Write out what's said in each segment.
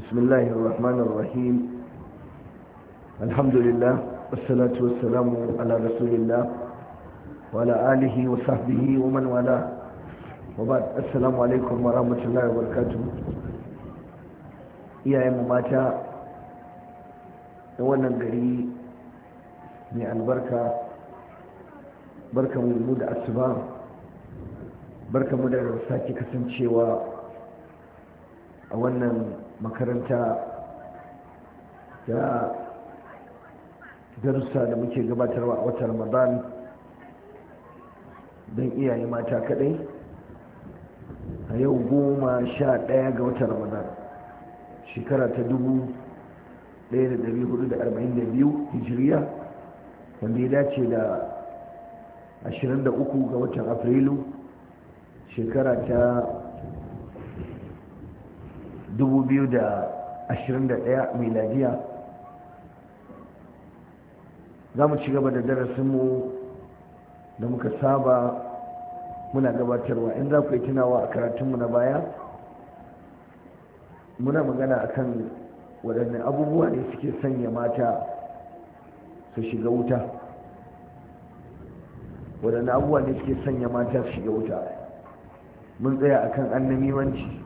بسم الله الرحمن الرحيم الحمد لله والصلاة والسلام على رسول الله وعلى آله وصحبه ومن والاه وبعد السلام عليكم ورحمة الله وبركاته iyayenmu mata da wannan gari mai albarka barkanmu da asuba barkanmu da sake kasancewa a wannan makaranta da darussa da muke gabatarwa a watan ramadan don iyaye mata kadai a yau goma sha daya ga watan ramadan shekara ta dubu daya da dari hudu da arba'in da biyu hijiriya wanda ya dace da ashirin da uku ga watan afrilu shekara ta 2021 miladiya za mu ci gaba da darasinmu da muka saba muna gabatarwa in za ku yi tunawa a karatunmu na baya muna magana kan waɗanne abubuwa ne suke sanya mata su shiga wuta waɗanne abubuwa ne suke sanya mata su shiga wuta mun tsaya a akan annamiwanci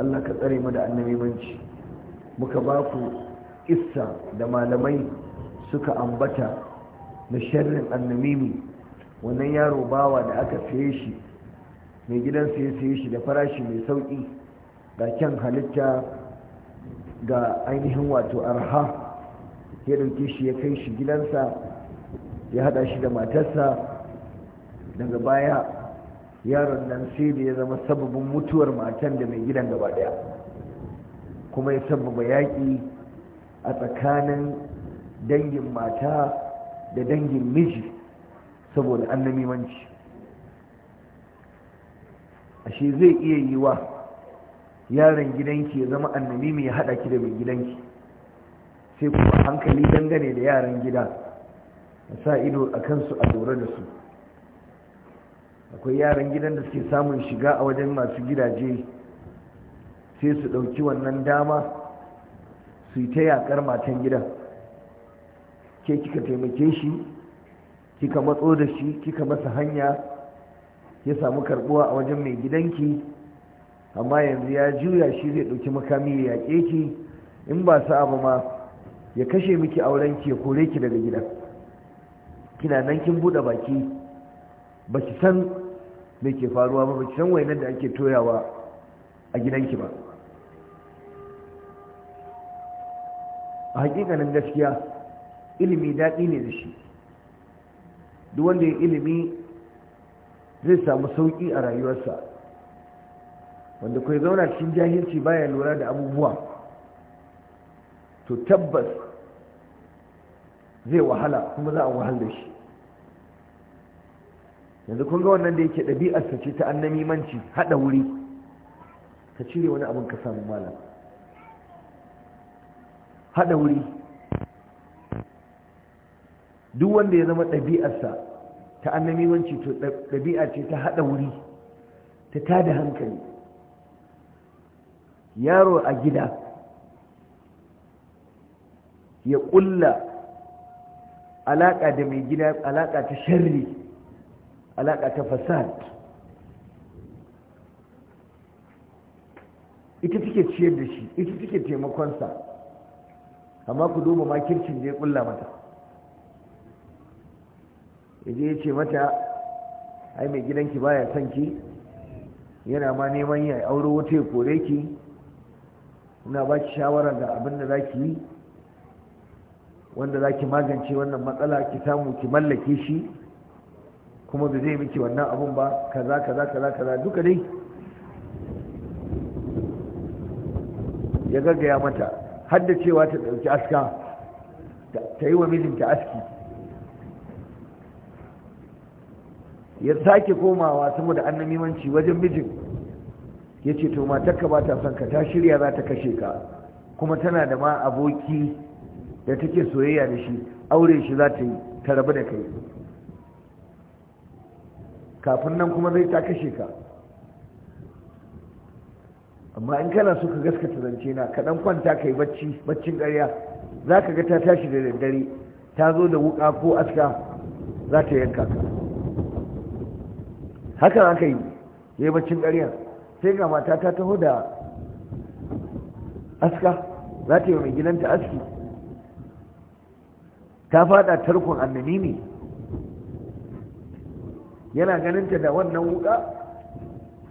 Allah ka tsare mu da annabimanci muka ba ku issa da malamai suka ambata na sharrin annamimi wannan yaro bawa da aka saye shi mai gidansa ya saye shi da farashi mai sauƙi ga kyan halitta ga ainihin wato arha ya ɗauke shi ya kai shi gidansa ya haɗa shi da matarsa daga baya yaron nan sai da ya zama sababin mutuwar matan da mai gidan gaba daya kuma ya sababa yaƙi a tsakanin dangin mata da dangin miji saboda annamimanci ashe zai iya yi wa yaron gidanki ya zama annami mai haɗa ki da mai gidanki sai kuma hankali dangane da yaran gida a sa ido a kansu a lura da su akwai yaran gidan da suke samun shiga a wajen masu gidaje sai su ɗauki wannan dama su yi ta yaƙar matan gidan ke kika taimake shi kika matso da shi kika masa hanya ya samu karbuwa a wajen mai gidanki amma yanzu ya juya shi zai ɗauki makami ya yaƙe ki in ba sa'a ba ma ya kashe miki aurenki ya kore ki daga gidan kina nan kin buɗe baki ba ki san me ke faruwa ba baki san wainar da ake toyawa a gidanki ba a hakikanin gaskiya ilimi daɗi ne da shi duk wanda ya ilimi zai samu sauƙi a rayuwarsa wanda kai zauna cikin jahilci baya lura da abubuwa to tabbas zai wahala kuma za a wahal da shi yanzu kun ga wannan da yake ɗabi'arsa ce ta annamimanci haɗa wuri ka cire wani abin ka samu malam haɗa wuri duk wanda ya zama ɗabi'arsa ta annamimanci to ɗabi'a ce ta haɗa wuri ta tada hankali yaro a gida ya ƙulla alaƙa da mai gida alaƙa ta sharri alaƙa ta fasad ita take ciyar da shi ita take taimakonsa amma ku duba makircin da ya ƙulla mata Idan ya ce mata ai mai gidanki baya son ki yana ma neman ya auro wata ya kore ki ina ba ki shawara ga abin da za ki yi wanda za ki magance wannan matsala ki samu ki mallake shi kuma ba zai miki wannan abun ba kaza kaza kaza kaza duka dai ya gaggaya mata har da cewa ta ɗauki aska ta yi wa mijinta aski ya sake komawa saboda annamimanci wajen mijin ya ce to matarka ba ta son ka ta shirya za ta kashe ka kuma tana da ma aboki da take soyayya da shi aure shi za ta yi ta rabu da kai kafin nan kuma zai ta kashe ka amma in kana so ka gaskata zance na kaɗan kwanta ka bacci baccin ƙarya za ka ga ta tashi da daddare ta zo da wuƙa ko aska za ta yanka ka hakan aka yi ya yi baccin ƙarya sai ga mata ta taho da aska za ta yi mai gidanta aski ta faɗa tarkon annani ne yana ganinta da wannan wuka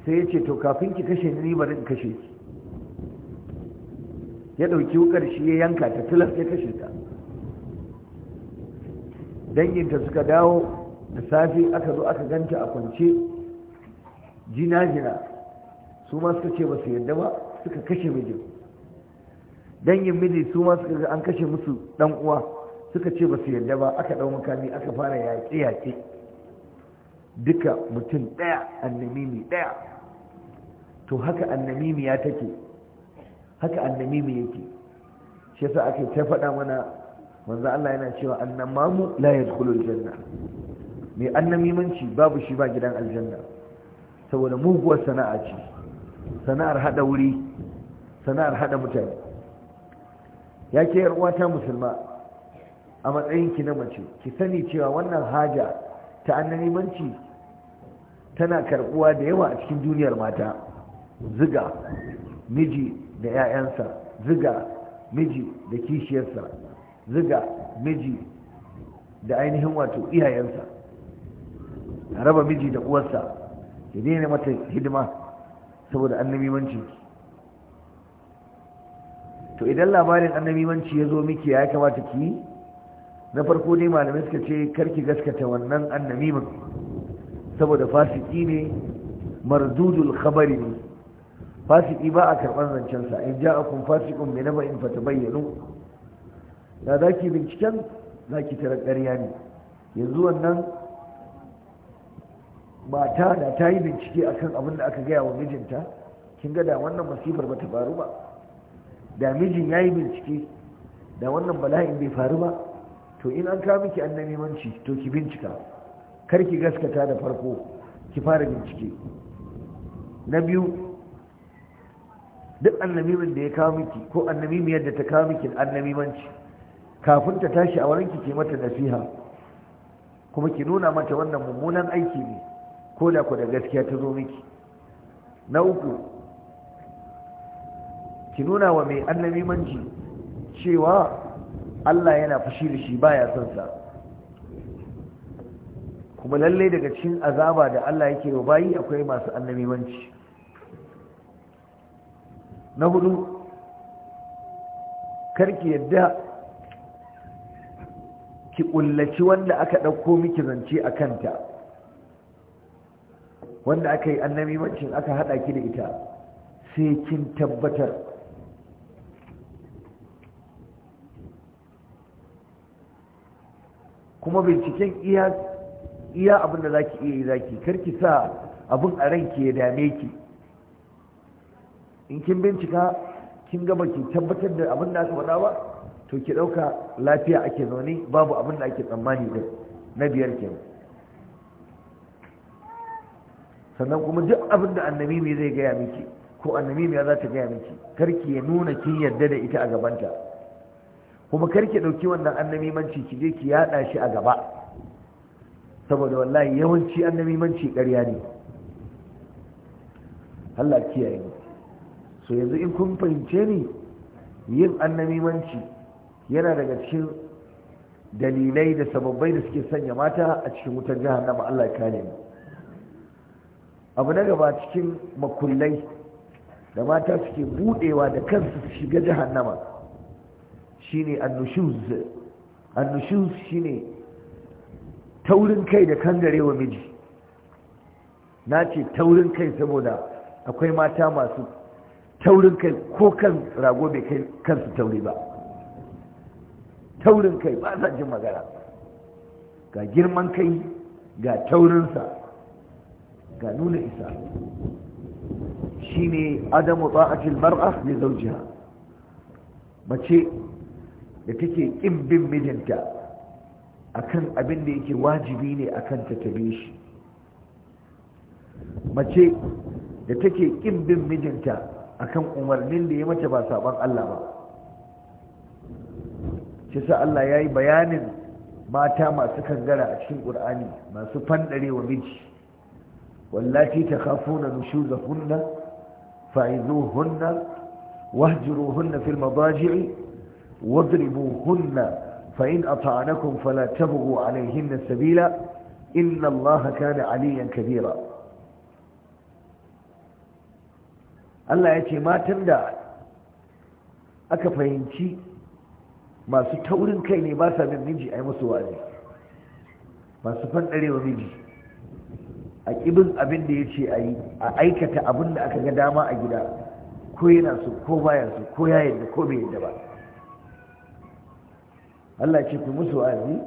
sai ya ce to kafin ki kashe ni bari in kashe ki ya ɗauki wukar shi ya yanka ta tilas ya kashe ta danginta suka dawo da safe aka zo aka ganta a kwance jina-jina su ma suka ce ba su yadda ba suka kashe mijin dangin miji su ma suka an kashe musu dan uwa suka ce ba su yadda ba aka dau makami aka fara yaƙe-yaƙe duka mutum ɗaya annamimi ɗaya to haka annamimi ya take haka annamimi yake shi yasa ake ta faɗa mana wanzu Allah yana cewa annamamu la yadkhulul janna mai annamimanci babu shi ba gidan aljanna saboda muguwar sana'a ce sana'ar haɗa wuri sana'ar haɗa mutane ya ke uwata musulma a matsayinki na mace ki sani cewa wannan haja ta annabimanci tana karɓuwa da yawa a cikin duniyar mata ziga miji da 'ya'yansa ziga miji da kishiyarsa ziga miji da ainihin wato iyayensa raba miji da uwarsa ya daina mata hidima saboda annabimanci to idan labarin annabimanci ya zo miki ya kamata ki na farko ne malamai suka ce karki gaskata wannan annamimin saboda fasiki ne marzudul khabari ne fasiki ba a karɓar zancensa in ja a kun fasikun mai naba in fata bayyano da za ki binciken za ki tara ƙarya ne yanzu wannan mata da ta yi bincike akan abin da aka gaya wa mijinta kin ga da wannan masifar ba ta faru ba da mijin ya yi bincike da wannan bala'in bai faru ba to in an kawo miki annabi manci to ki bincika kar ki gaskata da farko ki fara bincike na biyu duk min da ya kawo miki ko annabi annabimiyar yadda ta kawo miki annabi manci kafin ta tashi a wurin ki ke mata nasiha kuma ki nuna mata wannan mummunan aiki ne ko da ku da gaskiya ta zo miki na uku ki nuna wa mai annabi manci cewa Allah yana fushi da shi baya son sa kuma lalle daga cikin azaba da Allah yake wa bayi akwai masu wanci na hudu karki yadda ki kullaci wanda aka ɗauko miki zance a kanta wanda aka yi wancin aka haɗa ki da ita sai kin tabbatar kuma binciken iya iya abin da zaki iya yi zaki karki sa abin a ranki ya dame ki in kin bincika kin ga baki tabbatar da abin da aka faɗa ba to ki ɗauka lafiya ake zaune babu abin da ake tsammani da na biyar ke sannan kuma duk abin da annabi mai zai gaya miki ko annabi mai za ta gaya miki karki ya nuna kin yarda da ita a gabanta kuma karki ɗauki wannan annabimanci ki je ki yaɗa shi a gaba saboda wallahi yawanci annabimanci ƙarya ne Allah kiyaye mu so yanzu in kun fahimce ni yin annabimanci yana daga cikin dalilai da sababbai da suke sanya mata a cikin wutar jahannama Allah ya kare mu abu na gaba cikin makullai da mata suke budewa da kansu su shiga jahannama shine annushuz annushuz shine taurin kai da kangarewa miji na ce taurin kai saboda akwai mata masu taurin kai ko kan rago bai kai kansu tauri ba taurin kai ba jin magana ga girman kai ga taurinsa ga nuna isa shine adamu ta'atil mar'a li zawjiha mace da take ƙin bin mijinta kan abin da yake wajibi ne akan ta tabe shi mace da take ƙin bin mijinta akan umarnin da ya mace ba saban Allah ba shi sa Allah ya yi bayanin mata masu kangara a cikin ƙur'ani masu fanɗarewa miji wallafi ta kafo na nushu da hunna fa'izo hunna wajiru hunna fil mabaji'i واضربوهن فإن أطعنكم فلا تبغوا عليهن سبيلا إن الله كان عليا كبيرا Allah ya ce matan da aka fahimci masu taurin kai ne ba sa bin miji a yi musu wa'azi masu fanɗarewa miji a ƙibin abin da ya ce a yi a aikata abin da aka ga dama a gida ko yana su ko baya su ko ya yadda ko bai yadda ba Allah ce ku musu wa'azi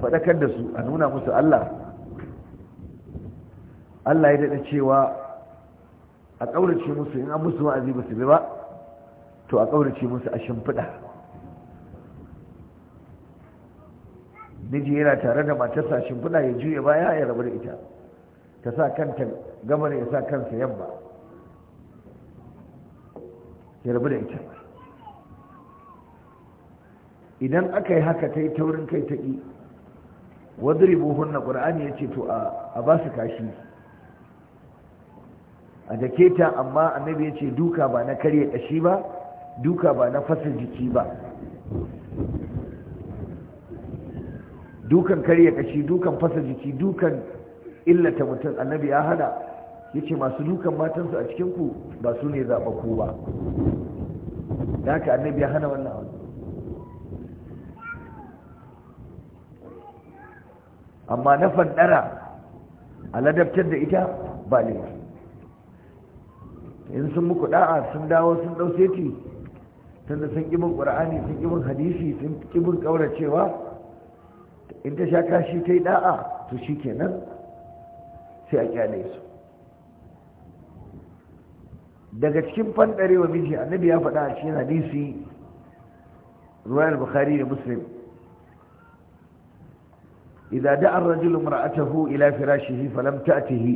faɗakar da su a nuna musu Allah Allah ya daɗa cewa a ƙaurace musu in an musu wa'azi ba su bi ba to a ƙaurace musu a shimfiɗa niji yana tare da matarsa shimfiɗa ya juya baya ya rabu da ita ta sa kanta gabar ya sa kansa yamma ya rabu da ita idan aka yi haka ta yi taurin kai ta ƙi wadribu hunna ƙur'ani ya ce to a ba su kashi a dake ta amma annabi ya ce duka ba na karye ƙashi ba duka ba na fasa jiki ba dukan karye ƙashi dukan fasa jiki dukan illata mutum annabi ya hana ya ce masu dukan matansu a cikinku ba su ne zaɓa ba da haka annabi ya hana wannan amma na fanɗara a ladabtar da ita ba laifi in sun muku da'a sun dawo sun dau seti tunda sun ƙibin ƙura'ani sun ƙibin hadisi sun ƙibin ƙauracewa. in ta sha kashi ta yi da'a to shi kenan sai a kyale su daga cikin fandarewa miji annabi ya faɗa a cikin hadisi ruwayar bukhari da muslim idza da'a ar-rajulu mar'atahu ila firashihi falam ta'tihi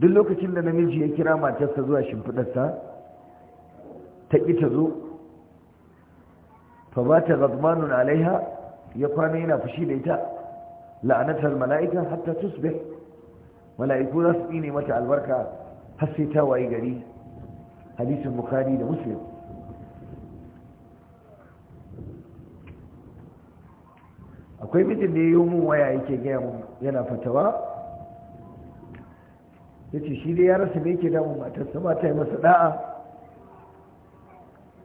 duk lokacin da namiji ya kira matarsa zuwa shimfidarsa ta ki ta zo fa ba ta alaiha ya kwana yana fushi da ita la'anatar mala'ika hatta tusbih mala'iku za su tsine mata albarka har sai ta wayi gari hadisin bukhari da muslim akwai mijin da ya yi mun waya yake gaya mun yana fatawa ya ce shi dai ya rasa mai ke damun matarsa ba ta yi masa da'a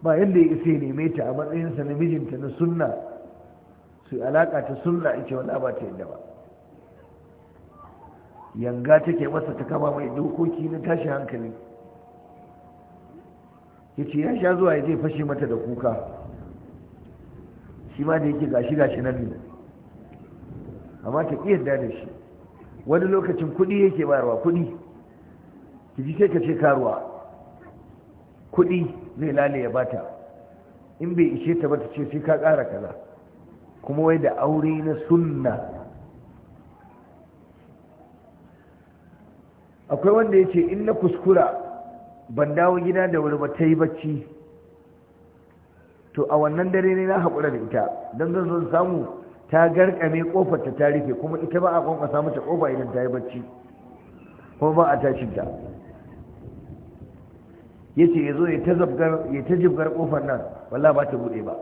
ba yadda ya isa ya neme ta a matsayinsa na mijinta na sunna su alaƙa ta sunna ita ke wani abata yadda ba yanga take masa ta kama mai dokoki na tashi hankali ya ce ya sha zuwa ya je fashe mata da kuka shi ma da yake gashi gashi na ne amma ta iya da shi wani lokacin kuɗi yake bayarwa kuɗi ki ji ka ce karuwa kuɗi zai lale ya bata in bai ishe ta ba ta ce sai ka ƙara kaza kuma wai da aure na sunna akwai wanda ya ce in na kuskura ban dawo gida da wuri ba ta yi bacci to a wannan dare ne na haƙura da ita don zan zan samu ta garkame kofar ta rufe kuma ita ba a kwankwasa mata kofa idan ta yi bacci kuma ba a tashin ta ya ce ya zo ya ta jibgar kofar nan walla ba ta buɗe ba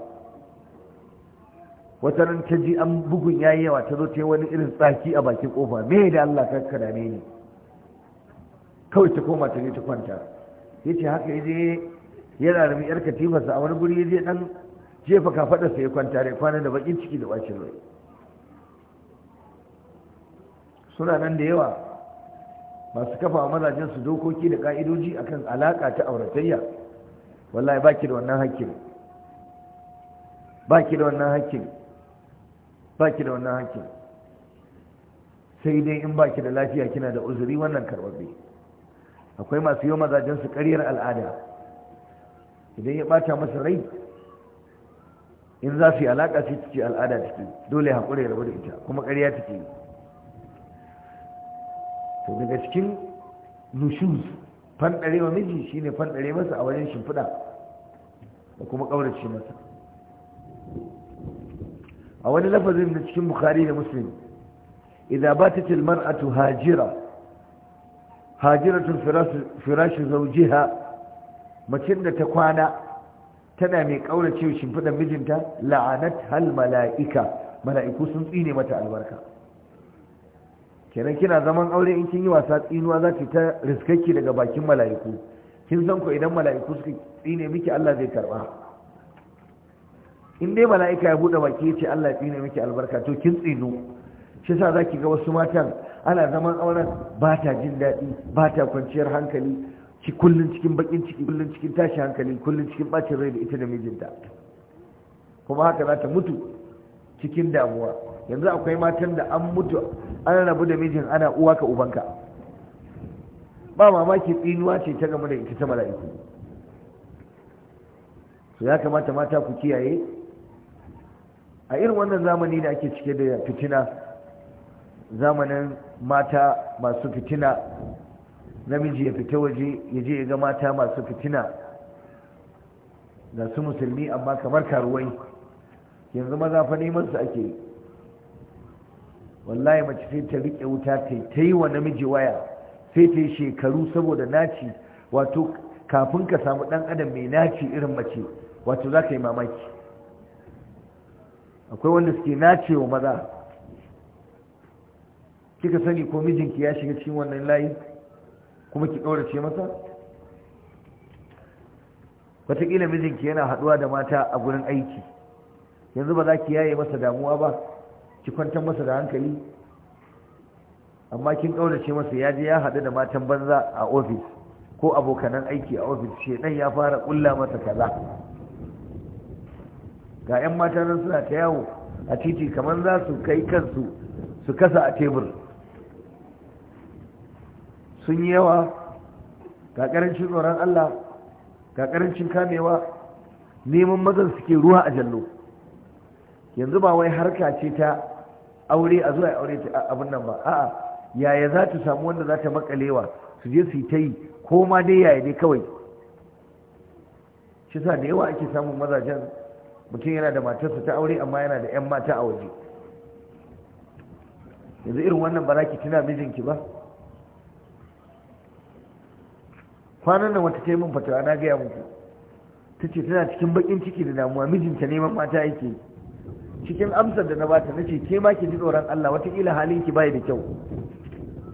wata nan ta ji an bugun ya yi yawa ta zo ta yi wani irin tsaki a bakin kofa me da allah ka karame ni kawai ta koma ta ne ta kwanta ya ce haka ya je yana da 'yar katifarsa a wani guri ya je dan jefa faɗa ya kwanta da kwana da bakin ciki da bacin rai suna nan da yawa masu kafa mazajen su dokoki da ka'idoji akan alaka ta auratayya wallahi baki da wannan hakkin baki da wannan hakkin baki da wannan hakkin sai dai in baki da lafiya kina da uzuri wannan karbabe akwai masu yi mazajen su ƙaryar al'ada idan ya bata masa rai in za su yi alaƙa ce ciki al'ada ciki dole haƙura ya rabu da ita kuma ƙarya ciki to daga cikin nushuz fanɗare wa miji shine fanɗare masa a wajen shimfiɗa da kuma ƙaurace masa a wani lafazin da cikin bukari da musulun idan ba ta tilmar a hajira hajiratun firashin zaujiha macin da ta kwana tana mai cewa shimfidan mijinta la'anat hal mala'ika mala'iku sun tsine mata albarka kenan kina zaman aure in kin yi wasa tsinuwa za ki ta riskakki daga bakin mala'iku kin san ko idan mala'iku suka tsine miki Allah zai karba in dai mala'ika ya bude baki ya ce Allah ya tsine miki albarka to kin tsinu shi yasa zaki ga wasu matan ana zaman auren ba ta jin daɗi ba ta kwanciyar hankali ki kullun cikin bakin ciki kullun cikin tashi hankali kullun cikin bacin rai da ita da mijinta kuma haka za ta mutu cikin damuwa yanzu akwai matan da an mutu an rabu da mijin ana uwa ka ubanka ba mamaki tsinuwa ce ta gama da ita ta mala'iku to ya kamata mata ku kiyaye a irin wannan zamani da ake cike da fitina zamanin mata masu fitina namiji ya fita waje ya je ya ga mata masu fitina ga su musulmi amma kamar karuwai yanzu maza fa neman su ake yi wallahi mace sai ta riƙe wuta ta ta yi wa namiji waya sai ta yi shekaru saboda naci wato kafin ka samu ɗan adam mai naci irin mace wato za ka yi mamaki akwai wanda suke nace wa maza kika sani ko mijinki ya shiga cikin wannan layi kuma ki ƙaurace masa wataƙila mijinki yana haɗuwa da mata a gurin aiki yanzu ba za ki yaye masa damuwa ba ki kwantar masa da hankali amma kin ƙaurace masa ya je ya haɗu da matan banza a ofis ko abokanan aiki a ofis ɗan ya fara ƙulla masa kaza ga 'yan mata nan suna ta yawo a titi kamar za su kai kansu su kasa a tebur sun yi yawa ga tsoron Allah ga karancin kamewa neman mazan suke ruwa a jallo yanzu ba wai harka ce ta aure a zuwa aure ta abin nan ba a'a yaya za ta samu wanda za ta makalewa su je su yi ta yi ko ma dai yaya dai kawai shi sa da yawa ake samun mazajen mutum yana da matarsa ta aure amma yana da 'yan mata a waje yanzu irin wannan ba za ki tuna mijinki ba kwanan nan wata taimun fatawa na gaya muku ta ce tana cikin bakin ciki da damuwa mijinta neman mata yake cikin amsar da na bata na ce ke ma ki ji tsoron Allah watakila halin ki bai da kyau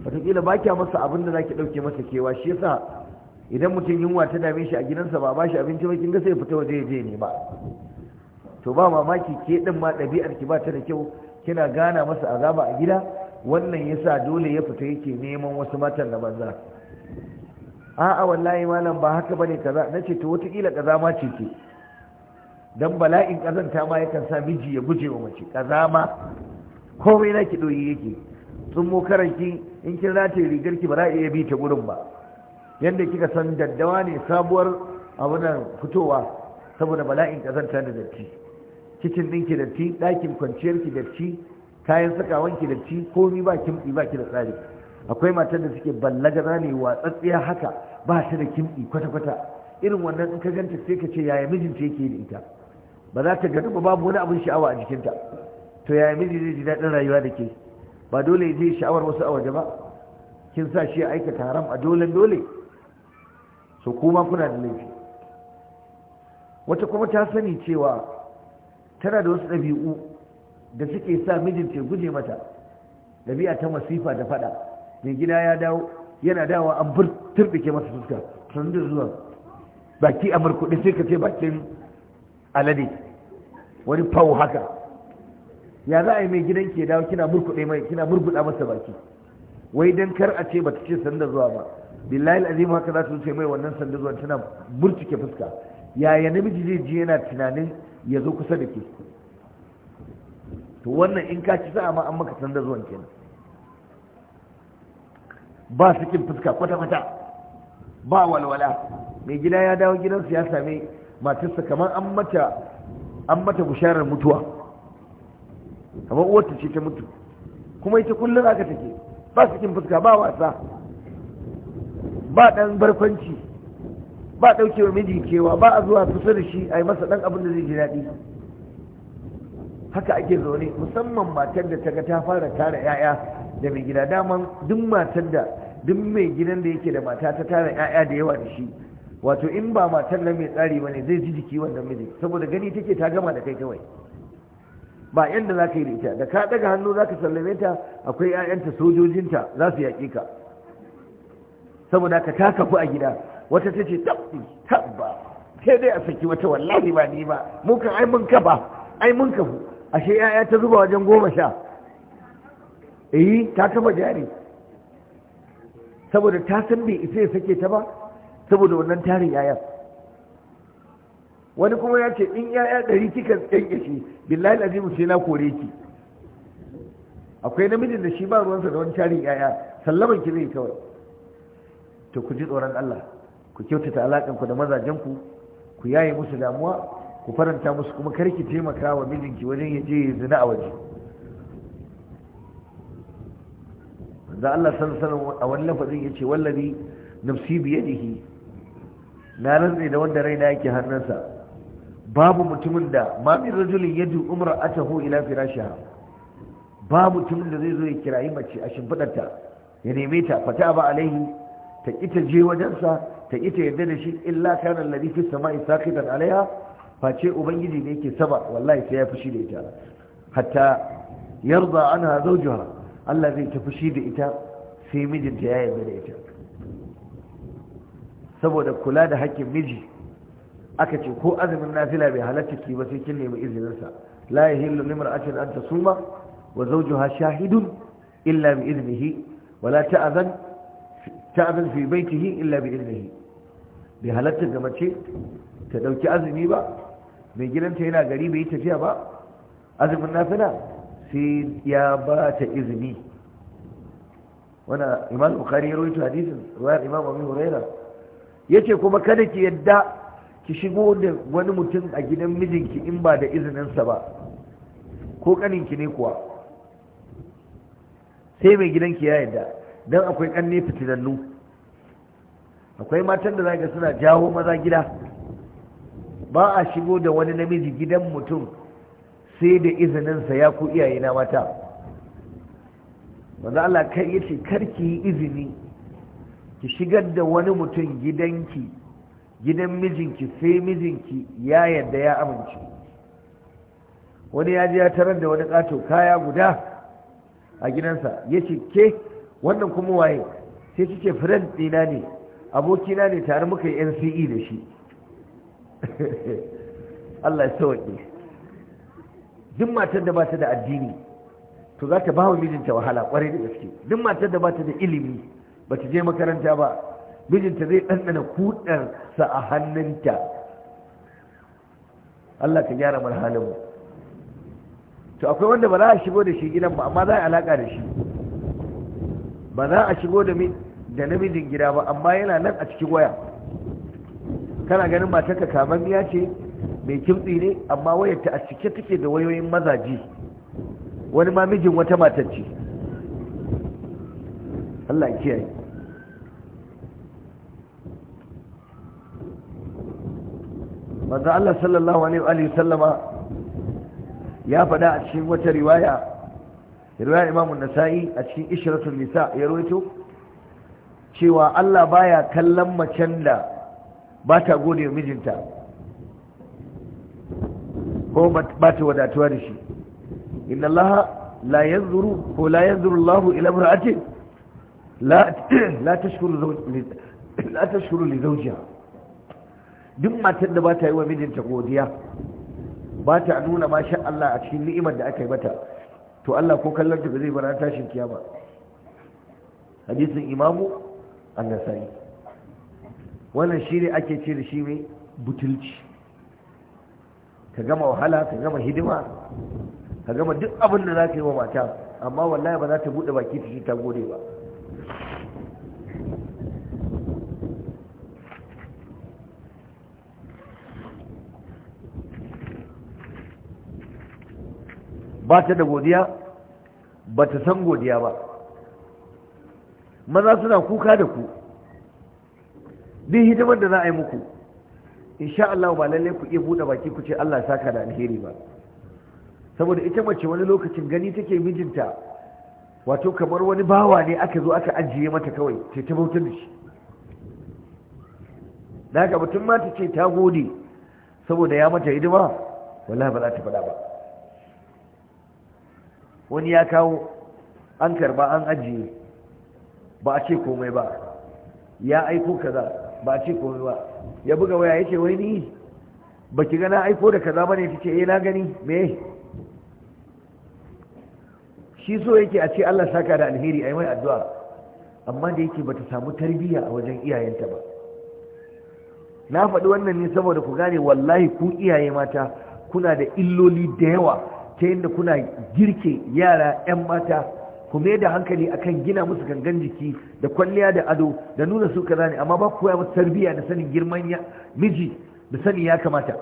watakila ba kya masa abin da zaki ɗauke masa kewa shi yasa idan mutum yunwa ta dame shi a gidansa ba ba shi abinci ba kin ga sai fita waje je ne ba to ba mamaki ke din ma ɗabi'ar ki ba ta da kyau kina gana masa azaba a gida wannan yasa dole ya fita yake neman wasu matan na banza a'a wallahi malam ba haka bane kaza nace to wataƙila kaza ma ce ce dan bala'in kazanta ma yakan sa miji ya guje wa mace kaza ma komai na ki doyi yake sun mu karanki in kin rataye rigar ki ba za a iya bi ta gurin ba yanda kika san daddawa ne sabuwar abunan fitowa saboda bala'in kazanta da datti kicin ɗinki datti dakin kwanciyarki datti kayan sakawanki datti komi ba kimɗi ba ki da tsari akwai matar da suke ballagara ne watsatsiya haka ba su da kimɗi kwata-kwata irin wannan in ka ganta sai ka ce yaya mijinta yake da ita ba za ta gani ba babu wani abin sha'awa a jikinta to yaya miji zai ji daɗin rayuwa da ke ba dole zai sha'awar wasu a waje ba kin sa shi aikata haram a dole dole so kuma kuna da laifi wata kuma ta sani cewa tana da wasu ɗabi'u da suke sa mijinta ya guje mata ɗabi'a ta masifa da faɗa mai gida ya dawo yana dawa an bur turbike masa fuska sun da zuwa baki a markudin sai ka ce bakin alade wani fawo haka ya za a yi mai gidan ke dawo kina murkuɗe mai kina murkuɗa masa baki wai don kar a ce bata ce sanda zuwa ba billahi alazim haka za su ce mai wannan sanda zuwa tana burtuke fuska yaya namiji zai ji yana tunanin ya zo kusa da ke to wannan in ka ci sa ma an maka sanda zuwan kenan ba sakin fuska kwata-kwata ba walwala mai gida ya dawo gidansu ya same matarsa kamar an mata bisharar mutuwa kamar uwarta ce ta mutu kuma ita kullum aka take ba sakin fuska ba wasa ba dan barkwanci ba daukewa miji kewa ba a zuwa kusa da shi a yi masa dan abin da zai ji daɗi haka ake zaune musamman matar da ta ga ta fara tara 'ya'ya da mai gida daman duk matar da duk mai gidan da yake da mata ta tara 'ya'ya da yawa da shi wato in ba matar nan mai tsari ne zai ji jiki wannan miji saboda gani take ta gama da kai kawai ba yanda za ka yi da ita da ka daga hannu za ka sallame ta akwai 'ya'yanta sojojinta za su yaƙi ka saboda ka ta kafu a gida wata ta ce tabbi tabba sai dai a saki wata wallahi ba ni ba mu kan ai mun kafa ai mun kafu ashe 'ya'ya ta zuba wajen goma sha E, ta taba jari saboda ta san bai isa ya sake ta ba saboda wannan tarin yayan wani kuma ya ce in yaya ɗari kika bin billahi azimu sai na kore ki akwai namijin da shi ba ruwansa da wani tarin yaya sallaman ki zai kawai to ku ji tsoron Allah ku kyautata alaƙanku da mazajenku ku yaye musu damuwa ku faranta musu kuma karki taimaka wa mijinki wajen ya je ya zina a waje manzo Allah sallallahu a wani lafazin yace wallabi nafsi bi yadihi na rantsa da wanda raina yake hannunsa babu mutumin da ma min rajulin umar umra atahu ila firashiha babu mutumin da zai zo ya kirayi mace a shimfiɗarta. ya neme ta fata ba alaihi ta ta je wajensa ta ta yadda da shi illa kana alladhi fi samai saqitan alaiha face ubangiji ne yake saba wallahi sai ya fushi da ita hatta yarda ana zawjuha Allah zai tafi shi da ita sai mijinta ya yarda da ita saboda kula da haƙƙin miji aka ce ko azumin nafila bai halatta ki ba sai kin nemi izininsa la yahillu limra'atin an tasuma wa zawjuha shahidun illa bi iznihi wa la ta'zan ta'zan fi baytihi illa bi iznihi bai halatta ga mace ta dauki azumi ba mai gidanta yana gari bai tafiya ba azumin nafila sai ya ba ta izini wanda imam bukari ya ta hadisun riwayar imam abu huraira Ya yace kuma kada ki yadda ki shigo da wani mutum a gidan mijinki in ba da izininsa ba ko kaninki ne kuwa sai mai gidanki ya yadda don akwai kanne fitinannu akwai matan da ga suna jawo maza gida ba a shigo da wani namiji gidan mutum sai da izininsa ya ku iyaye na mata wanda Allah kai yace karki yi izini ki shigar da wani mutum gidanki gidan mijinki sai mijinki ya yadda ya amince wani ya ji ya tarar da wani kato kaya guda a gidansa ya ce ke wannan kuma waye sai kike friend ɗina ne abokina ne tare muka yi nce da shi Allah ya sauke duk matar da ba ta da addini to za ta ba wa mijinta wahala kwarai da gaske duk matar da ba ta da ilimi ba ta je makaranta ba mijinta zai ɗanɗana kuɗarsa a hannunta Allah ka gyara marhalinmu to akwai wanda ba za a shigo da shi gidan ba amma za a alaƙa da shi ba za a shigo da namijin gida ba amma yana nan a cikin waya kana ganin matarka kamar ya ce mai kimtsi ne amma wayarta a cike take da wayoyin mazaji wani ma mijin wata matacce Allah kiyaye maza Allah sallallahu alaihi wa sallama ya faɗa a cikin wata riwaya riwaya Imam nasai a cikin Ishratul Nisa ya rawaito cewa Allah baya kallon macen da ba ta gode mijinta ko ba ta wadatuwa da shi inna Allah la yanzuru ko la yanzuru Allah ila imra'atin la la tashkuru la tashkuru li zawjiha duk matar da ba ta yi wa mijinta godiya ba ta nuna masha Allah a cikin ni'imar da aka yi mata to Allah ko kallon ta zai bara tashin kiyama hadisin imamu an-nasai wannan shi ne ake ce da shi mai butulci ka gama wahala ka gama hidima ka gama duk abin da za ka yi wa mata amma wallahi ba za ta bude baki ta shi ta gode ba ba ta da godiya ba ta san godiya ba maza suna kuka da ku Ni hidimar da za a yi muku insha Allah ba lalle ku iya buɗe baki ku ce Allah saka da alheri ba saboda ita mace wani lokacin gani take mijinta wato kamar wani bawa ne aka zo aka ajiye mata kawai ce ta bautar da shi da ga mutum ma ta ce ta gode saboda ya mata hidima wallahi ba za ta faɗa ba wani ya kawo an karba an ajiye ba a ce komai ba ya aiko kaza ba ce komai ba ya buga waya yace wai ni ba ga na aiko da kaza bane ce eh na gani me shi so yake a ce Allah saka da alheri ai mai addu'a amma da yake bata samu tarbiyya a wajen iyayenta ba na faɗi wannan ne saboda ku gane wallahi ku iyaye mata kuna da illoli da yawa ta yadda kuna girke yara 'yan mata ku mai da hankali akan gina musu gangan jiki da kwalliya da ado da nuna su kaza ne amma ba ku koya musu tarbiyya da sanin girman miji da sanin ya kamata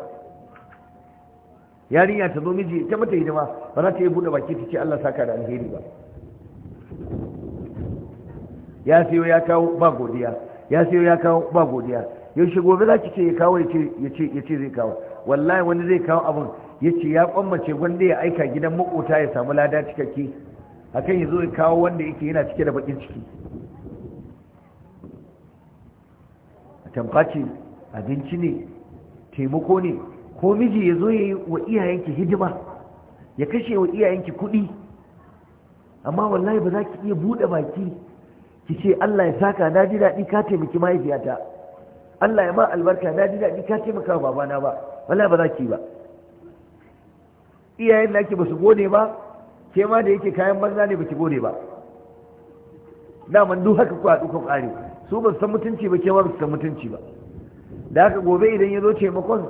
yarinya ta zo miji ta mata hidima ba za ta yi buɗe baki ta ce Allah saka da alheri ba ya sayo ya kawo ba godiya ya sayo ya kawo ba godiya yaushe gobe za ki ce ya kawo ya ce zai kawo wallahi wani zai kawo abin ya ce ya kwamace wanda ya aika gidan makota ya samu lada cikakke akan yazo ya kawo wanda yake yana cike da bakin ciki tamka ce abinci ne taimako ne ko miji ya zo ya yi wa iyayenki hidima ya kashe wa iyayenki kuɗi amma wallahi ba za ki iya buɗe baki ki ce Allah ya saka na ji daɗi ka taimaki mahaifiyata Allah ya ba albarka na ji daɗi ka taimaka wa babana ba wallahi ba za ki ba iyayen da ake ba su gode ba ke ma da yake kayan banza ne baki gode ba daman duk haka ku a ku su ba san mutunci ba ke ma san mutunci ba da haka gobe idan ya zo taimakon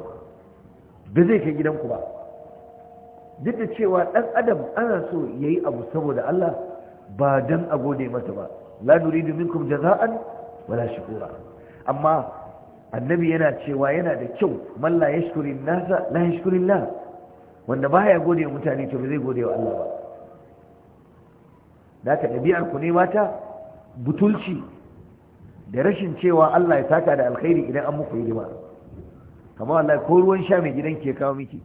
ba zai kai gidanku ba duk da cewa ɗan adam ana so ya yi abu saboda Allah ba dan a gode masa ba la nuridu minkum jaza'an wala shukura amma annabi yana cewa yana da kyau malla la yashkurin nasa la yashkurillah wanda baya gode mutane to ba zai gode wa Allah ba da ka ɗabi'ar ku ne mata butulci da rashin cewa Allah ya saka da alkhairi idan an muku hidima kamar Allah ko ruwan sha mai gidan ke kawo miki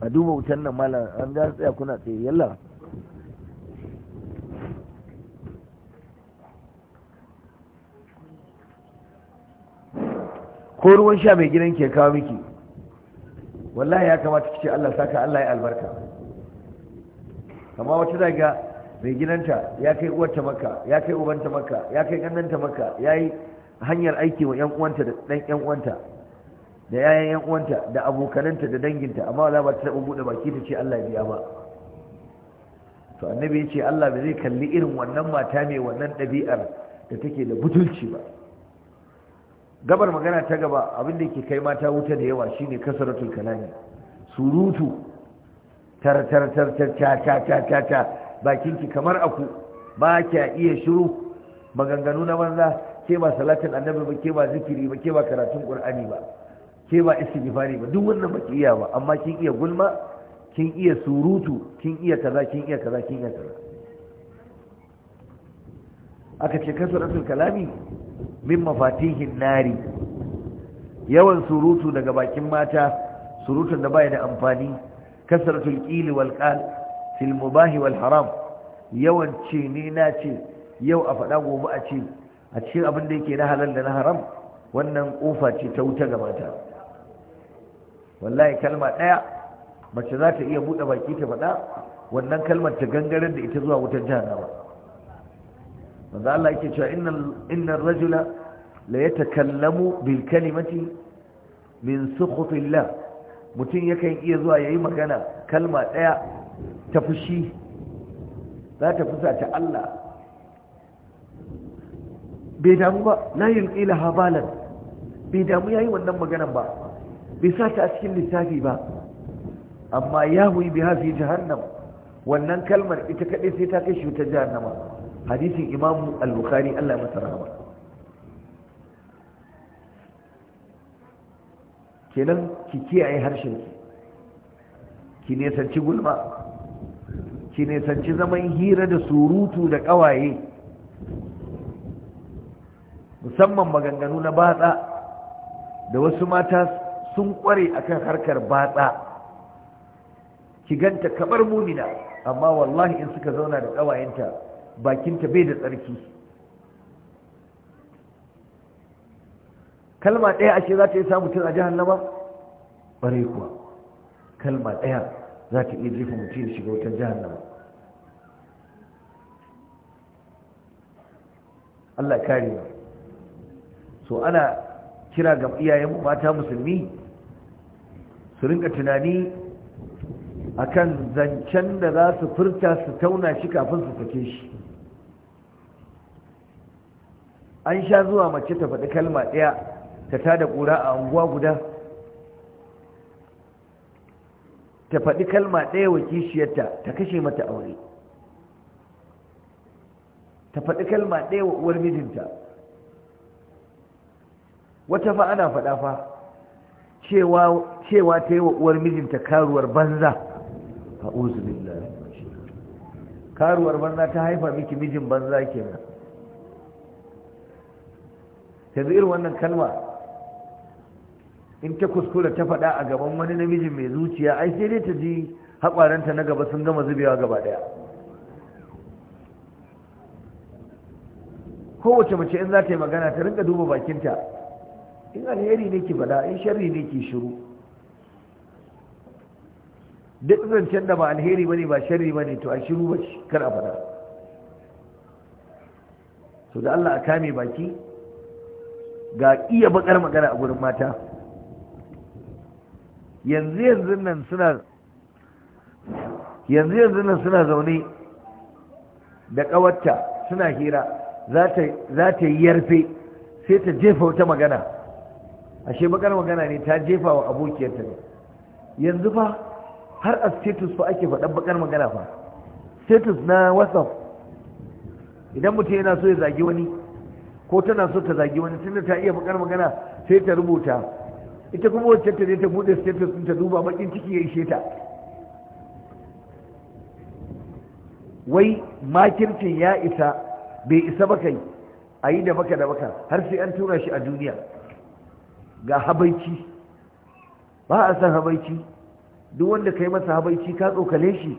a duba wutan nan malam an ga tsaya kuna tsaye yalla ko ruwan sha mai gidan ke kawo miki wallahi ya kamata ki ce Allah saka Allah ya albarka Kama wata daga mai gidanta ya kai uwarta maka ya kai ubanta maka ya kai kannanta maka ya yi hanyar aiki wa yan uwanta da dan yan uwanta da yayan yan uwanta da abokananta da danginta amma wala ba ta taɓa buɗe baki ta ce Allah biya ba to annabi ya ce Allah ba zai kalli irin wannan mata mai wannan ɗabi'ar da take da butulci ba gabar magana ta gaba abin da ke kai mata wuta da yawa shine kasaratul kalami surutu tar tar tar tar ca ca ca ca ca bakinki kamar aku ba a iya shiru maganganu na banza ke ba salatin annabi ba ke ba zikiri ba ke ba karatun qur'ani ba ke ba istighfari ba duk wannan ba iya ba amma kin iya gulma kin iya surutu kin iya kaza kin iya kaza kin iya kaza aka ce kasratul kalami min mafatihin nari yawan surutu daga bakin mata surutun da baya da amfani kasratul qili wal qal fil haram yawan ce ni na yau a faɗa gobe a cikin abin da yake na halal da na haram wannan kofa ce ta wuta ga wallahi kalma ɗaya mace za ta iya buɗe baki ta faɗa wannan kalmar ta gangaren da ita zuwa wutar jahannama manzo Allah yake cewa innal innar rajula la kallamu bil kalimati min sukhutillah mutum yakan iya zuwa ya yi magana kalma ɗaya ta fushi za ta fusa ta Allah bai damu ba la yulqila habalan bai damu yi wannan maganan ba bai sa ta a cikin lissafi ba amma ya huyi biha fi jahannam wannan kalmar ita kadai sai ta kai shi ta jahannama hadisin imamu al-bukhari Allah ya masa kenan ki kiyaye harshen ki ki nesanci gulma ki nesanci zaman hira da surutu da kawaye musamman maganganu na batsa da wasu mata sun kware akan harkar batsa ki ganta kamar mumina amma wallahi in suka zauna da kawayenta bakinta bai da tsarki kalma ɗaya ashe za ta yi sa mutum a jahannama bare kuwa kalma ɗaya za ta iya jefa mutum ya shiga wutar jahannama Allah kare mu so ana kira ga iyayen mata musulmi su rinka tunani a kan zancen da za su furta su tauna shi kafin su sake shi an sha zuwa mace ta faɗi kalma ɗaya ta tada ƙura a unguwa guda ta faɗi kalma ɗaya wa kishiyarta ta kashe mata aure ta faɗi kalma ɗaya wa uwar mijinta wata fa ana faɗa fa cewa ta yi wa uwar mijinta karuwar banza a uzubillah karuwar banza ta haifa miki mijin banza kenan yanzu irin wannan kalma in ta kuskura ta faɗa a gaban wani namiji mai zuciya ai sai dai ta ji haƙwaranta na gaba sun gama zubewa gaba ɗaya kowace mace in za ta yi magana ta rinka duba bakinta in alheri ne ki faɗa in sharri ne ki shiru duk zancen da ba alheri bane ba sharri bane to a shiru ba shi kar a faɗa to da Allah a kame baki ga iya bakar magana a gurin mata yanzu yanzu nan suna zaune da ƙawarta suna hira za ta yi yarfe sai ta jefa wata magana ashe bakar magana ne ta jefa wa abokiyarta ne yanzu fa har a status fa ake faɗan bakar magana fa status na whatsapp idan mutum yana so ya zagi wani ko tana so ta zagi wani tunda ta iya bakar magana sai ta rubuta ita kuma wacce ta ta bude status ta duba bakin ciki ya ishe ta wai makircin ya isa bai isa bakai a yi da baka da baka har sai an tura shi a duniya ga habaici ba a san habaici duk wanda ka yi masa habaici ka tsokale shi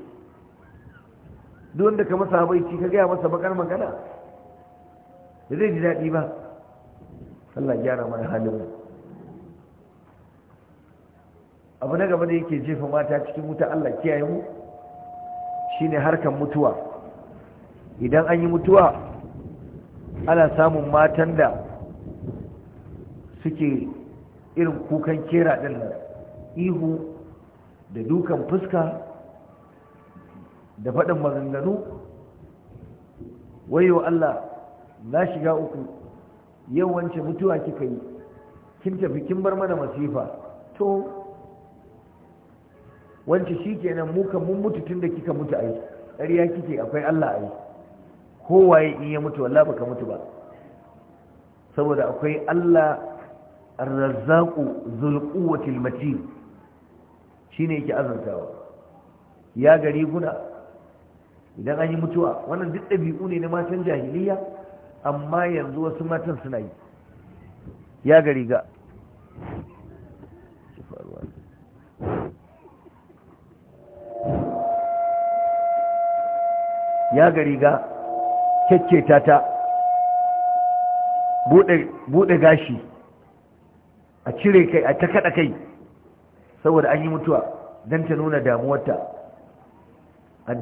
duk wanda ka masa habaici ka gaya masa bakar magana zai ji daɗi ba Allah gyara mana halin mu abu na gaba da yake jefa mata cikin wuta Allah kiyaye mu shine harkan mutuwa idan an yi mutuwa ana samun matan da suke irin kukan kera din ihu da dukan fuska da faɗin maganganu wayo Allah na shiga uku yau mutuwa kika yi kin tafi kin bar mana masifa to wance shi kenan mu kan mun mutu tun da kika mutu yi ƙarya kike akwai Allah ai kowaye in ya mutu wallahi baka mutu ba saboda akwai Allah ar-razzaqu dhul quwwati al-matin shine yake azantawa ya gari guna idan an yi mutuwa wannan duk ɗabi'u ne na matan jahiliya amma yanzu wasu matan suna yi ya gari ga ya ga riga kyakketa ta buɗe gashi a cire kai a ta kai saboda an yi mutuwa don ta nuna damuwarta A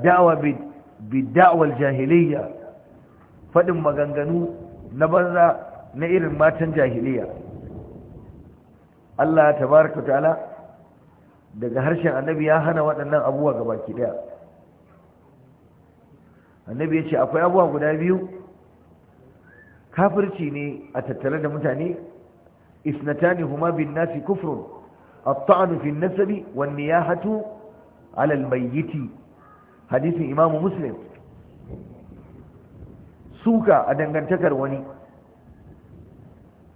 bi da'awar jahiliya faɗin maganganu na banza na irin matan jahiliya Allah Ta baraka ta'ala daga harshen annabi ya hana waɗannan abubuwa gabaki ɗaya annabi ya ce akwai abuwa guda biyu kafirci ne a tattare da mutane isnatani huma bin nasi kufrun a tanu fi an-nasabi wan niyahatu 'ala al hadisin imam muslim suka a dangantakar wani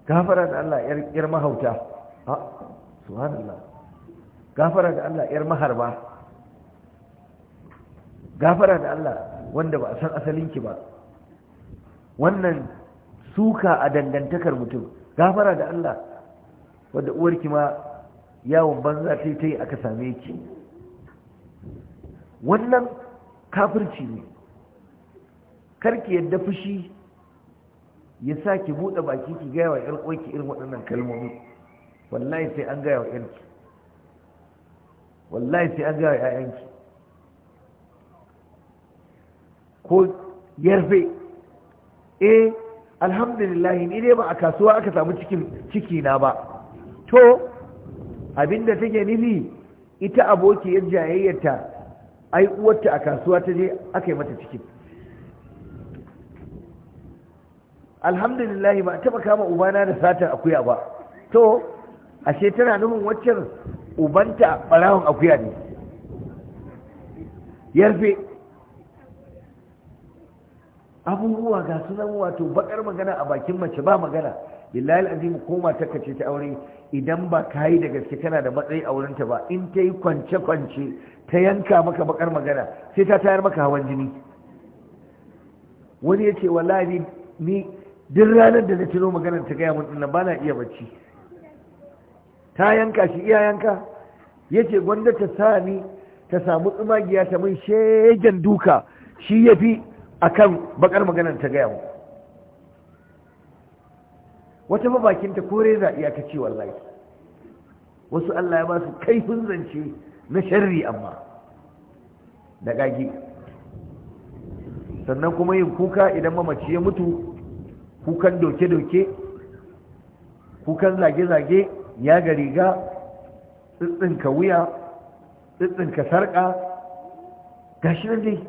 gafara da Allah yar mahauta ah, subhanallah gafara da Allah yar maharba gafara da Allah wanda ba a san asalinki ba wannan suka a dangantakar mutum gafara da Allah wanda uwarki ma yawon banza ta yi aka same ki wannan kafirci ne karki yadda fushi ya sa ki buɗe baki ki gaya wa ‘yan ki irin waɗannan kalmomi wallahi sai an gaya wa ƴarki. wallahi sai an gaya wa ‘ya'yanki ko yarfe eh alhamdulillah ni dai ba a kasuwa aka samu cikin ciki na ba to abinda take nufi ita yar jayayyarta ai uwarta a kasuwa ta je aka yi mata ciki alhamdulillah ba taba kama ubana da satar akuya ba to ashe tana nufin waccan ubanta barawon akuya ne yarfe abubuwa ga sunan wato bakar magana a bakin mace ba magana billahi alazim koma ta kace ta aure idan ba yi da gaske kana da matsayi a wurinta ba in ta yi kwance kwance ta yanka maka bakar magana sai ta tayar maka hawan jini wani ya ce wallahi ni duk ranar da na tuno maganar ta gaya mun dinnan ba na iya bacci ta yanka shi iya yanka ya ce gwanda ta sa ni ta samu tsumagiya ta mun shegen duka shi ya fi akan bakar maganar ta gaya muku. wata mabakinta kore za iya ta ce wallahi wasu Allah ya ba su kaifin zance na sharri amma da gagi sannan kuma yin kuka idan mamaci ya mutu kukan doke-doke kukan zage-zage ya ga riga tsitsinka wuya tsitsinka sarƙa gashi nan dai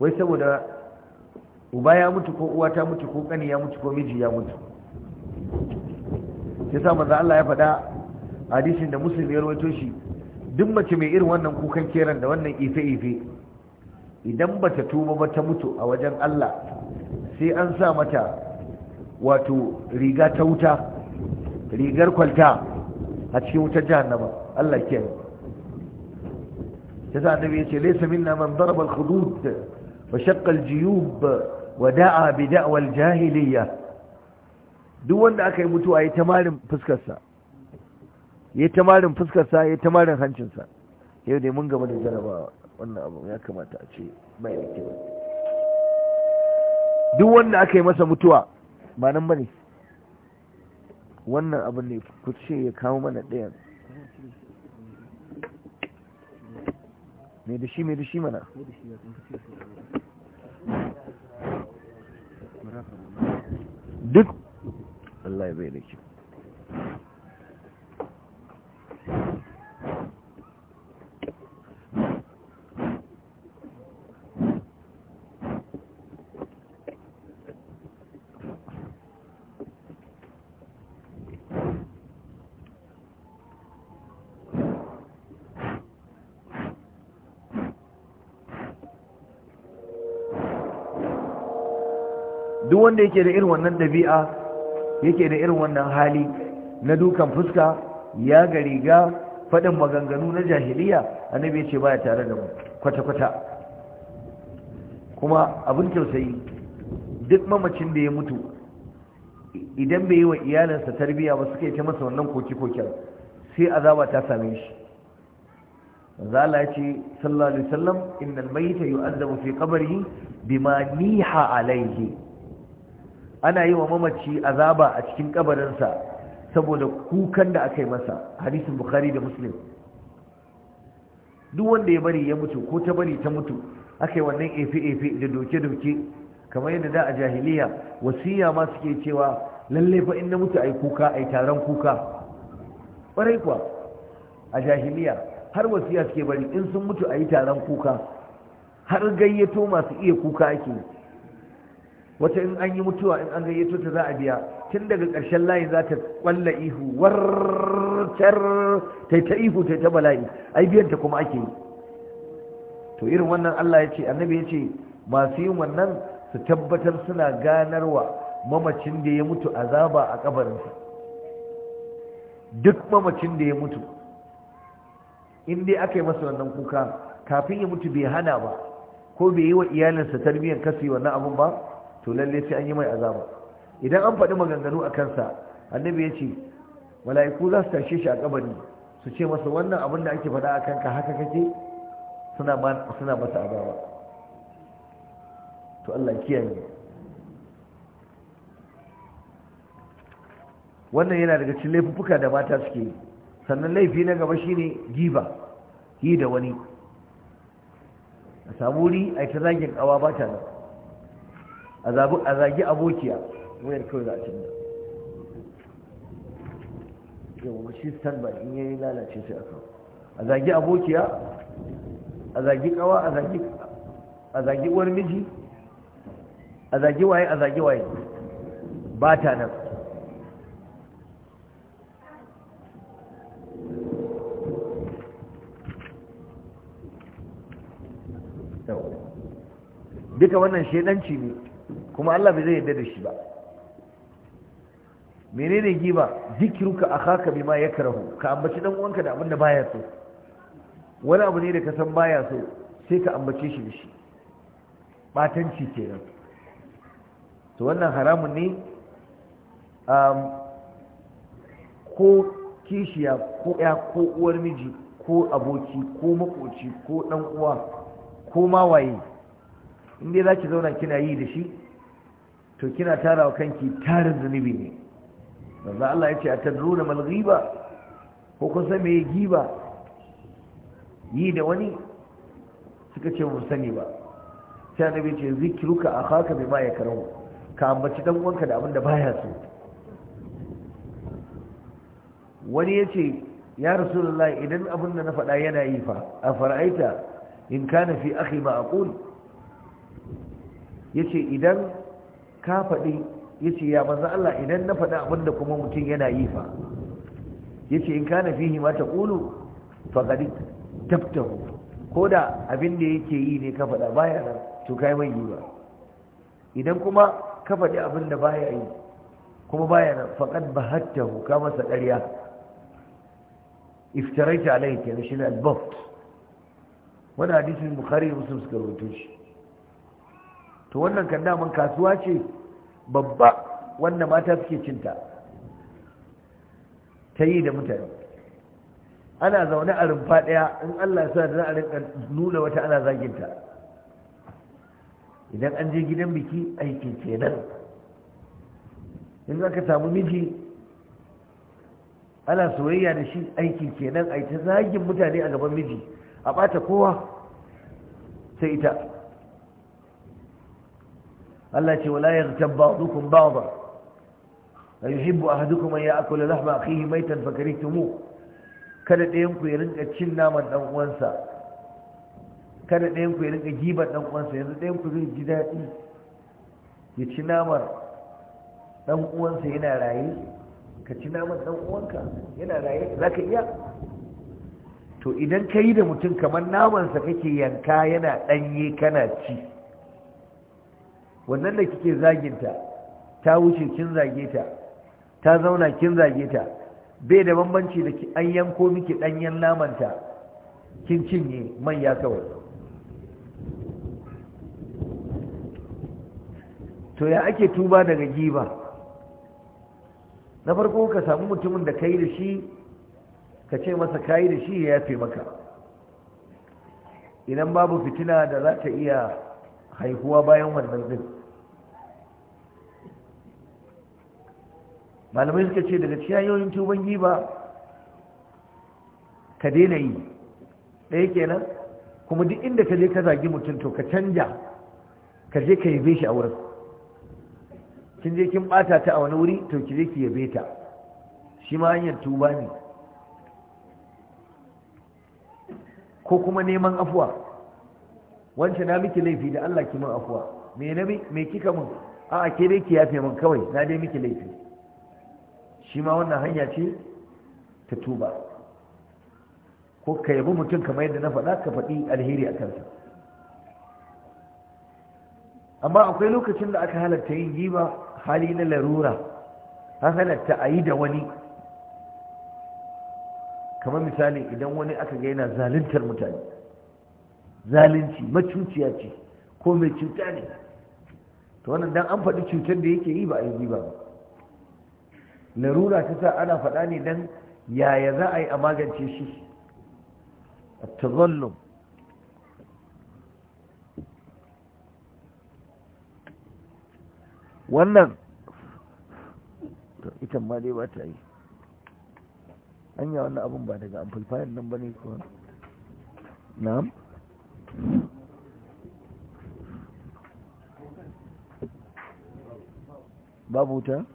wai saboda uba ya mutu ko uwa ta mutu ko kani ya mutu ko miji ya mutu yasa manzo Allah ya faɗa hadisin da muslim ya rawaito shi duk mace mai irin wannan kukan keran da wannan ife-ife idan bata tuba ba ta mutu a wajen Allah sai an sa mata wato riga ta wuta rigar kwalta a cikin wutar jahannama Allah ke annabi ya ce laysa minna man daraba al-khudud wa shaqqa al-jiyub wa da'a bi da'wal jahiliya duk wanda aka yi mutuwa ya tamarin fuskarsa ya tamarin fuskarsa ya tamarin hancinsa yau dai mun gaba da jarabawa wannan abu ya kamata a ce mai yake ba duk wanda aka yi masa mutuwa ba nan bane wannan abin ne ku ce ya kawo mana ɗayan mai da shi mai da shi mana duk Allah ya bai da kyau wanda yake da irin wannan ɗabi'a yake da irin wannan hali na dukan fuska ya ga riga faɗin maganganu na jahiliya annabi ya ce baya tare da mu kwata-kwata kuma abin tausayi duk mamacin da ya mutu idan bai yi wa iyalinsa tarbiyya ba suka yi ta masa wannan koki-koken sai azaba ta same shi zala ce sallallahu alaihi wasallam innal mayyita yu'azzabu fi qabrihi bima niha alaihi ana yi wa mamaci azaba a cikin kabarinsa saboda kukan da aka yi masa hadisin bukhari da muslim duk wanda ya bari ya mutu ko ta bari ta mutu aka yi wannan efe-efe da doke-doke kamar yadda da a jahiliya wasiya ma suke cewa lalle fa in na mutu yi kuka yi taron kuka ƙwarai kuwa a jahiliya har wasiya suke bari in sun mutu yi taron kuka har gayyato masu iya kuka ake yi wata in an yi mutuwa in an gayyato ta za a biya tun daga ƙarshen layi za ta ƙwalla ihu warcar ta ta ihu ta ta bala'i ai biyan ta kuma ake yi to irin wannan Allah ya ce annabi ya ce masu yin wannan su tabbatar suna ganarwa mamacin da ya mutu azaba a kabarinsa duk mamacin da ya mutu in dai aka yi masa wannan kuka kafin ya mutu bai hana ba ko bai yi wa iyalinsa tarbiyyar kasi wannan abun ba to lalle sai an yi mai azaba idan an faɗi maganganu a kansa annabi ya ce mala'iku za su tashe shi a kabari su ce masa wannan abin da ake faɗa a kanka haka kake suna masa azaba to Allah kiyaye wannan yana daga cikin laifuka da mata suke yi sannan laifi na gaba shine giba yi da wani a samu wuri a ita zagin kawa ba ta nan a zagi abokiya wayar kawai za a canza yawon shi ba, in yayi lalace sai a kawo a zagi abokiya a zagi kawa a zagi uwar miji a zagi waye a zagi waye ba ta nan duka wannan shedanci ne kuma Allah bai zai yarda da shi ba menene giba zikiruka akhaka bima yakrahu ka ambaci dan uwanka da abin da baya so wani abu ne da ka san baya so sai ka ambace shi da shi batanci kenan to wannan haramun ne um, ko kishiya ko ya ko uwar miji ko aboki ko makoci ko dan uwa ko ma waye inda za ki zauna kina yi da shi to kina tara wa kanki tarin zunubi ne manzo Allah ya ce da mal ba, ko kun san me giba yi da wani suka ce mun sani ba sai annabi ce zikruka akhaka bima yakrahu ka ambaci dan uwanka da abin da baya so wani ya ce ya rasulullahi idan abin da na faɗa yana yi fa a fara'aita in kana fi akhi ma aqul yace idan ka faɗi ya ce ya maza Allah idan na faɗi abinda kuma mutum yana yi fa ya ce in kana fihi ma ta ƙulu faƙari tabtahu ko da abin yake yi ne ka faɗa baya nan to kai mai yi ba idan kuma ka faɗi abin da baya yi kuma baya nan faƙad ba hatta ka masa ƙarya iftaraita alai ke na shine albaft wani hadisin bukhari muslim suka rubuta shi to wannan kan daman kasuwa ce babba wanda mata suke cinta ta yi da mutane ana zaune a rumfa ɗaya in allah ya sa da za a rinka nuna wata ana zaginta idan an je gidan biki aikin kenan in aka samu miji ana soyayya da shi aiki kenan a ta zagin mutane a gaban miji a ɓata kowa sai ita Allah ce wala yaghtab ba'dukum ba'dha la yuhibbu ahadukum an ya'kula lahma akhihi maytan fakarihtumu kada ɗayan ku ya rinka cin naman ɗan uwansa kada ɗayan ku ya rinka gibar ɗan uwansa yanzu ɗayan ku zai ji daɗi ya ci naman ɗan uwansa yana raye ka ci naman ɗan uwanka yana raye za ka iya to idan ka yi da mutum kamar namansa kake yanka yana ɗanye kana ci wannan da kike zaginta ta wuce kin zage ta ta zauna kin zage ta bai da bambanci da an yanko miki danyen lamanta kin cinye manya kawai to ya ake tuba daga giba na farko ka samu mutumin da kai da shi ka ce masa kayi da shi ya yafe maka idan babu fitina da za ta iya haihuwa bayan wannan din malamai suka ce daga cikin hanyoyin tuban giba ka daina yi ɗaya kenan kuma duk inda ka je ka zagi mutum to ka canja ka je ka yabe shi a wurin kin je kin bata ta a wani wuri to ki je ki yabe ta shi ma hanyar tuba ne ko kuma neman afuwa wancan na miki laifi da Allah ki min afuwa me me kika mun a'a ke dai ki yafe min kawai na dai miki laifi shi ma wannan hanya ce ta tuba ko ka yabi mutum kamar yadda na faɗa ka faɗi alheri a kansa amma akwai lokacin da aka halatta yin giba hali na larura an halatta a yi da wani kamar misali idan wani aka ga yana zaluntar mutane zalunci macuciya ce ko mai cuta ne to wannan dan an faɗi cutar da yake yi ba a yi giba ba larura ta sa ana faɗa ne don yaya za a yi a magance shi a tazallum wannan ita ma dai ba ta yi hanya wannan abin ba daga amplifier nan ba ne kuwa na'am babu ta?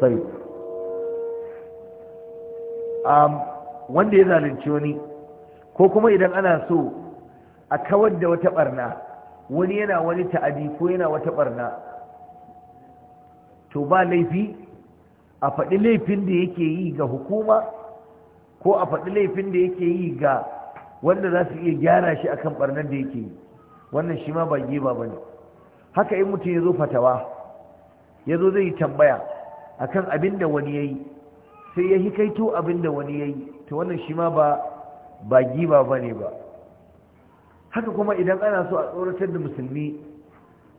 طيب ام wanda ya zalunci wani ko kuma idan ana so a kawar da wata barna wani yana wani ta'adi ko yana wata barna to ba laifi a faɗi laifin da yake yi ga hukuma ko a faɗi laifin da yake yi ga wanda za su iya gyara shi akan barnar da yake yi wannan shi ma ba geba ba ne haka in mutum ya zo fatawa ya zo zai yi tambaya akan abin da wani yayi sai ya hikaito abin da wani yayi to wannan shi ma ba ba giba bane ba haka kuma idan ana so a tsoratar da musulmi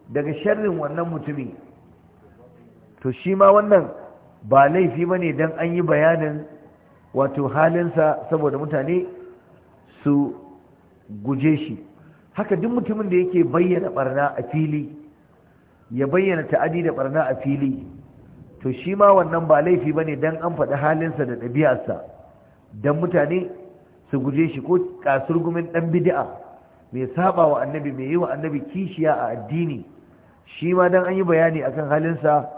daga sharrin wannan mutumi to shi ma wannan ba laifi bane dan an yi bayanin wato halinsa saboda mutane su guje shi haka duk mutumin da yake bayyana barna a fili ya bayyana ta'adi da barna a fili to shi ma wannan ba laifi ba ne don an faɗi halinsa da ɗabi'arsa don mutane su guje shi ko gumin ɗan bid'a mai saba wa annabi mai yi wa annabi kishiya a addini shi ma don an yi bayani a kan halinsa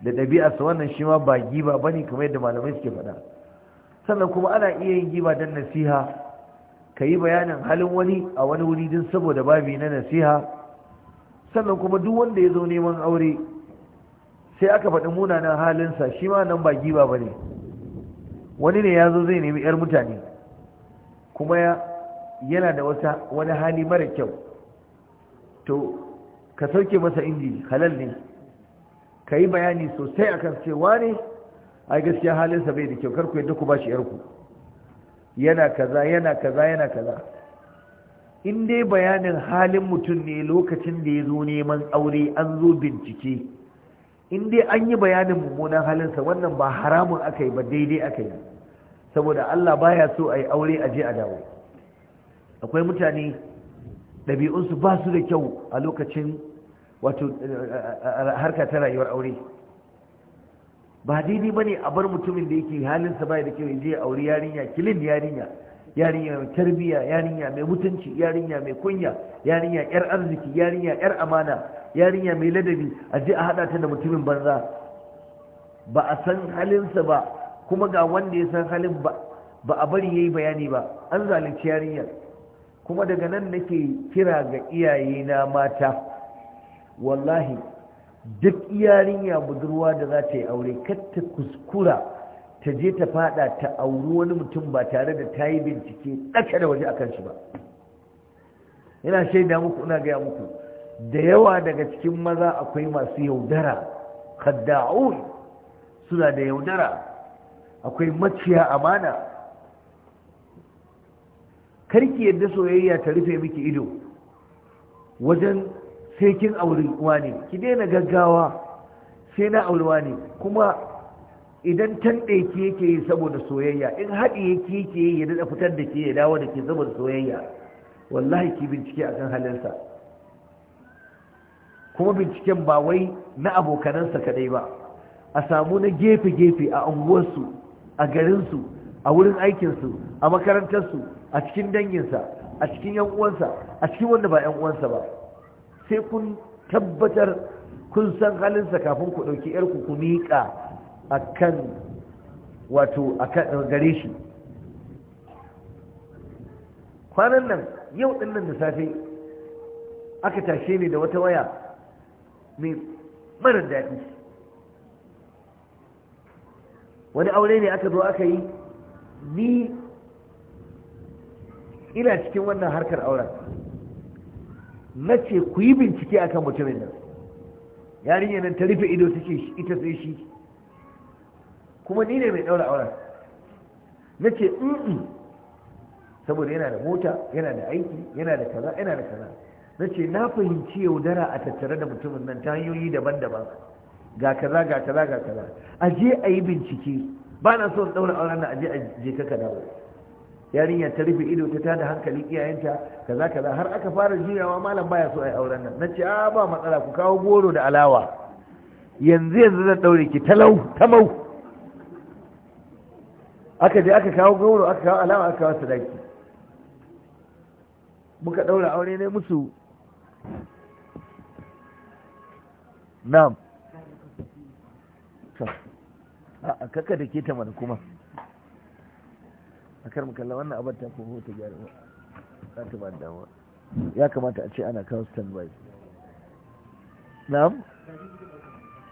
da ɗabi'arsa wannan shi ma ba giba ba ne kamar yadda malamai suke faɗa sannan kuma ana iya yin giba don nasiha ka yi bayanin halin wani a wani wuri din saboda babi na nasiha sannan kuma duk wanda ya zo neman aure sai aka faɗi munanan halinsa shi ma nan ba giba ba ne wani ne ya zo zai nemi 'yar mutane kuma yana da wata wani hali mara kyau to ka sauke masa inji halal ne ka yi bayani sosai a kan cewa ne a gaskiya halinsa bai da kyau karku yadda ku ba shi 'yarku yana kaza yana kaza yana kaza in dai bayanin halin mutum ne lokacin da ya zo neman aure an zo bincike in dai an yi bayanin mummunan halinsa wannan ba haramun aka yi ba daidai aka yi saboda Allah baya so a yi aure a je a dawo akwai mutane ɗabi'unsu ba su da kyau a lokacin wato harka ta rayuwar aure ba daidai ba ne a bar mutumin da yake halinsa baya da kyau ya je aure yarinya kilin yarinya yarinya mai tarbiyya yarinya mai mutunci yarinya mai kunya yarinya yar arziki yarinya yar amana yarinya mai ladabi a je a hada ta da mutumin banza ba a san halinsa ba kuma ga wanda ya san halin ba ba a bari yayi bayani ba an zalunci yarinyar kuma daga nan nake kira ga iyaye na mata wallahi duk yarinya budurwa da za ta yi aure kar ta kuskura ta je ta fada ta auri wani mutum ba tare da ta yi bincike ɗaka da waje akan shi ba yana shaida muku ina gaya muku da yawa daga cikin maza akwai masu yaudara kaddaun suna da yaudara akwai maciya amana karki yadda soyayya ta rufe miki ido wajen sai kin aurewa ne ki daina gaggawa sai na aurewa ne kuma idan tanɗe ki yake yi saboda soyayya in haɗi yake yake yi ya daɗa fitar da ke ya dawo da ke saboda soyayya wallahi ki bincike akan halinsa kuma binciken ba wai na abokanansa kadai ba a samu na gefe-gefe a unguwarsu a garinsu a wurin aikinsu a makarantarsu a cikin danginsa a cikin yan uwansa a cikin wanda ba yanuwansa ba sai kun tabbatar kun san halinsa kafin ku ɗauki yarku ku miƙa a kan wato a kan gare shi kwanan nan yau ɗin nan da safe aka tashe ne da wata waya mai marar daɗi wani aure ne aka zo aka yi ni ina cikin wannan harkar auren na ce ku yi bincike akan mutumin nan yarin yanar ta rufe ido ce ita sai shi kuma ni ne mai ɗaura auren na ce saboda yana da mota yana da aiki yana da kaza yana da kaza na ce na fahimci yaudara a tattare da mutumin nan ta hanyoyi daban-daban ga kaza ga kaza ga kaza a je a yi bincike ba na so ɗaura auren na aje aje a je ka dawo yarinya ta rufe ido ta tada hankali iyayenta kaza kaza har aka fara juyawa malam baya so a yi auren nan na ce a ah, ba matsala ku kawo goro da alawa yanzu yanzu zan ɗaure ki talau tamau aka je aka kawo goro aka kawo alawa aka kawo sadaki muka ɗaura aure ne musu na'am a kaka da ke ta mana kuma a kar makalla wannan abin ta kuma ta gyara za ta ba damuwa ya kamata a ce ana kawo standby na'am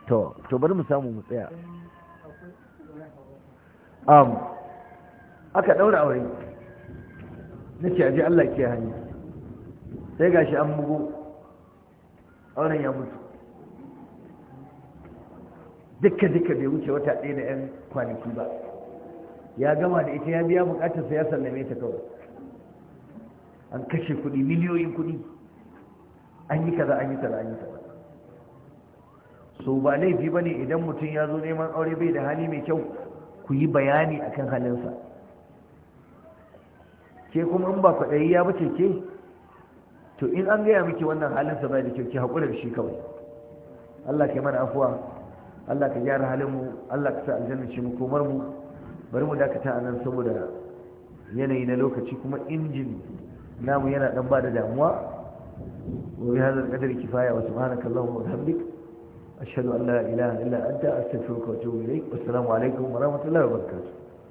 to to bari mu samu mu tsaya um aka daura aure na nake aje Allah ke hanya sai gashi an bugu auren ya mutu duka duka bai wuce wata ɗaya da 'yan kwanaki ba ya gama da ita ya biya bukatarsa ya sallame ta kawai an kashe kuɗi miliyoyin kuɗi an yi kaza an yi kaza an yi kaza so ba laifi ba ne idan mutum ya zo neman aure bai da hali mai kyau ku yi bayani akan halinsa ke kuma in ba kwaɗayi ya bace ke to in an gaya miki wannan halinsa bai da kyau ki haƙura da shi kawai Allah ka yi mana afuwa Allah ka gyara halin Allah ka sa aljanna ce mu komar mu bari mu dakata a nan saboda yanayi na lokaci kuma injin namu yana dan bada damuwa wa bi hadha qadri kifaya wa subhanaka allahumma wa bihamdik ashhadu an la ilaha illa anta astaghfiruka wa atubu ilayk assalamu alaikum wa rahmatullahi wa barakatuh